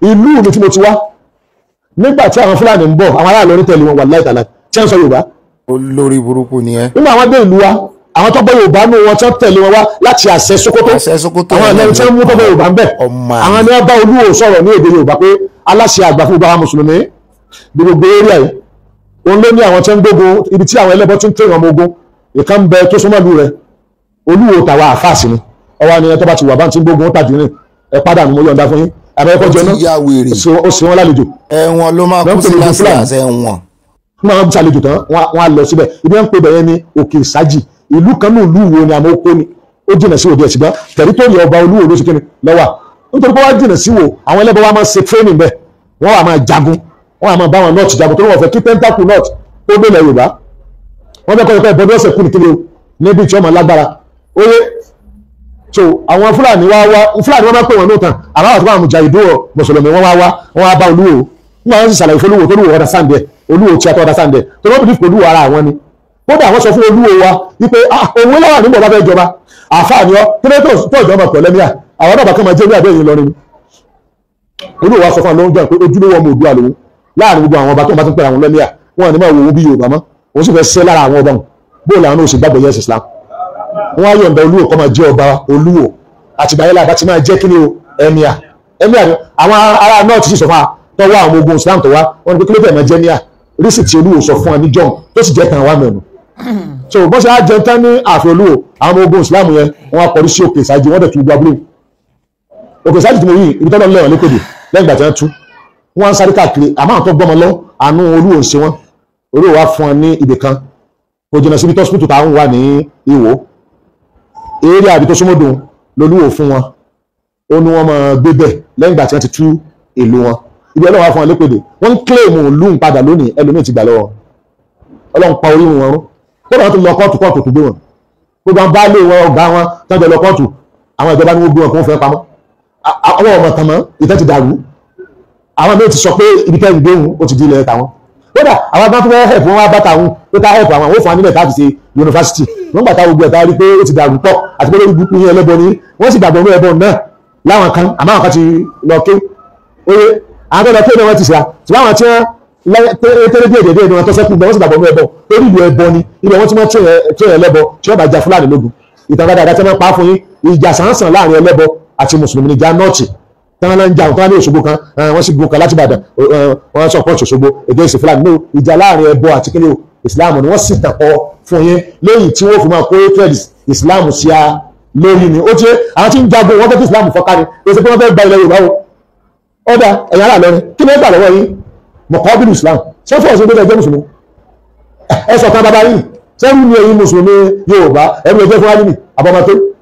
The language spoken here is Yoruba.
ìlú mi tí mo ti wá nígbà tí àwọn fúlàní ń bọ̀ àwọn aráàlú onítẹ̀lé wọn wà láìtàlá tí wọ́n sọ yorùbá. olórí burúkú ni ẹ. nínú àwọn dé ìlú wa àwọn tó bọ yorùbá nù wọn tó tẹ̀lé wọn wá láti àṣẹ sokoto àwọn ẹni tí wọ́n mú tó bọ yorùbá ń bẹ̀ àwọn ni wọ́n bá olúwo sọ̀rọ̀ ní èdè yorùbá pé aláṣẹ àgbà fún bàbá mùsùlùmí gbogbo eré ẹ̀ òun ló ní àwọn tí ń gbógun ibi tí àwọn ẹlẹ́bọ ni àbẹ̀kọ jẹ náà ó sì wọn lálejò. ẹ̀wọ̀n ló máa kú sí lásìlàsì ẹ̀wọ̀n. fún àwọn ṣàlejò tán wọn á lọ síbẹ̀ ibi wọn ń pè bẹ̀yẹn òkè ìsájì ìlú kan ní ìlú wo ni àmọ́ ó kó ni ó jìnà sí òde ẹ̀ ṣùgbọ́n tẹ̀rítọ́rì ọba olúwo ló ṣe kíni lọ́wà nítorí pé wọ́n jìnà sí wo àwọn ẹlẹ́bọ̀ wa máa ṣe training bẹ́ẹ̀ wọ́n wà máa jagun wọ́n wà máa bá wọn north jagun tó wọ́n fẹ́ kí pentacle north tó délẹ̀ yorùbá wọ́n fẹ́ kọ́ ẹ̀kọ́ ìbọdún ọ̀sẹ̀ kú nìkíni o níbi tí wọ́n lágbára ó yẹ so àwọn fúlàní wá wá fúlàní wọn bá pè wọn lóòótọ́ àwọn àwọn tó bá mùjà ìdúró mùsùlùmí wọn wá wá wọn wá bá olúwo nígbà wọn sì ṣàlàyé fún olúwo tó lùwọ ọdà sáǹdẹ olúwo tí a tọ́ ọdà sáǹdẹ tó lọ́ọ́ bìdìfò olúwo ara àwọn ni kódà àwọn sọ fún olúwo wa wípé ah, òun lọ́wọ́ nígbà bá fẹ́ jọba àfààní ọ tó lè tó ìjọba pẹ̀lẹ́míà àwọn náà bá kàn máa jẹ́ ní àbẹ́yìn lọ́rin olúwo wa sọ fún àwọn lóúnjẹ pé ojúlówó ọmọ òdua lòun láàrin gbogbo àwọn ọba tó ń bá ti ń pẹ̀lú àwọn lẹ́míà wọn ni máa wo owó bí Yorùbá wọ́n á yọ̀ǹda olúwo kọ́ máa jẹ́ ọba olúwo àtìgbà yẹn làbá ti máa jẹ́ kí ni o ẹ̀míà ẹ̀míà àwọn ará náà sì sọ fún wa tó wá àwọn ogun islam tó wọn ni pé kílódé ẹ̀mọ́ jẹ́ níà rísì tí olúwo sọ fún wa ní john tó sì jẹ́ tàn wá mẹ́nu. so bọ́n ṣe á jẹun tán ní ààfin olúwo àwọn ogun islam yẹn wọ́n á kọrí sí òkè ìsájú wọ́n dẹ̀ tún gbàgbé òkè ìsájú tí mo yí ibi tọ́lọ́ lẹ́wọ̀n lékòdè lẹ́yìn ìgbà tí wọ́n tú wọ́n ń sáré káàkiri àmọ́ àwọn tó eré àbí tó súnmọ́dún lolúwo fún wọn ó ní wọ́n máa gbé bẹ̀ lẹ́yìn ìgbà tí wọ́n ti tú ìlú wọn ibi ọlọ́run wá fún wọn lépèdè wọ́n ń kílèmù lù ń padà lónìí ẹlòmíì ti gbà lọ́wọ́ ọlọ́run pa orí wọn rún kó lọ́wọ́ tó lọ kóòtù kóòtù tó gbé wọn gbogbo àwọn baálé wọn ọ̀gá wọn tọ́jọ́ lọ kóòtù àwọn ìjọba ni wọ́n gbé wọn kó fẹ́ pamọ́ àwọn ọmọ tàn mọ́ ti dàrú àwọn méjì ti sọ pé ibi tẹ́ ń gbé wọn ó ti di ilẹ̀ tàwọn kódà àwọn bá tó fẹ́ hẹ̀pù wọn wá bá tàwọn tó ká hẹ̀pù àwọn ó fún wa nílẹ̀ káàfì yunifásitì wọ́n gbà táwọn gbẹ̀ táwọn rí pé ó ti dàrú pọ̀ àti pé lórí burúkú yẹn ẹlẹ́bọ ni wọ́n sì gbàgbọ́ ẹbọ náà láwọn kan àmọ́ àwọn kan ti lọ ké oye àwọn kan lọ ké náà wọ́n ti sà ṣùgbọ́n àwọn tí wọ́n tẹ́lẹ̀ díẹ̀ díẹ̀ wọn tó sẹ́kù wọ́n sì gbàgbọ́ ẹbọ torí ìlú ẹbọ ni ibẹ̀ wọ́n ti wọ́n tún ẹlẹ́bọ tí wọ́n bá ja fúlàní lógun ìtàn dáadáa tí wọ́n pa fún yín ìjà sánsan láàrin ẹlẹ́bọ àti mùsùlùmí níjà nọ́ọ̀tì tán ń jà tán ní Òṣogbo kan wọ́n sì gun kan láti Ìbàdàn wọ́n sọ pọ́ọ̀tì Òṣogbo èdè ìsìn Fúlàní ìjà láàrin ẹbọ àti kíni islam ni wọ́n sì tàpọ̀ fún yín lẹ́yìn tí wọ́n fi máa kó trade islam sí a lórí ni ó jẹ́ àwọn tí ń jagun wọ́n fẹ́ kí islam fọ́ká ni ó ṣe pé wọ́n fẹ́ gba ilẹ̀ yorùbá o ọ̀dà ẹ̀yà ara lọ́rin kí ni ó gbà lọ́wọ́ yín mọ̀kọ́bìlì islam ṣé fún ọ̀sẹ̀ gbẹ́dẹ̀ jẹ́ mùsùlùmí ẹ sọ̀kan bàbá yìí sẹ́rù ni ẹ̀yin mùsùlùmí yorùbá ẹ̀mí ẹ̀jẹ̀ fún wa